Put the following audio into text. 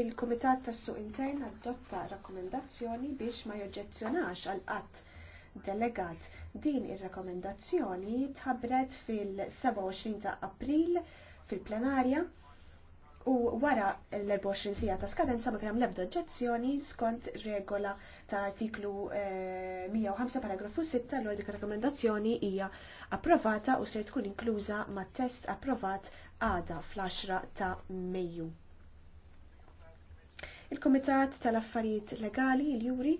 il-Komitat tas-Suq Intern adotta rakkomendazzjoni biex ma joġġezzjonax għal qatt delegat. Din ir-rakkomendazzjoni tħabbret fil-27 ta' April fil-plenarja u wara l-24 sija ta' skadenza ma kien l-ebda oġġezzjoni skont regola ta' artiklu 105 eh, paragrafu 6 l dik rakkomendazzjoni hija approvata u se tkun inkluża mat-test approvat għada fl-10 ta' Mejju. Il-Komitat tal-Affarijiet Legali, il-Juri,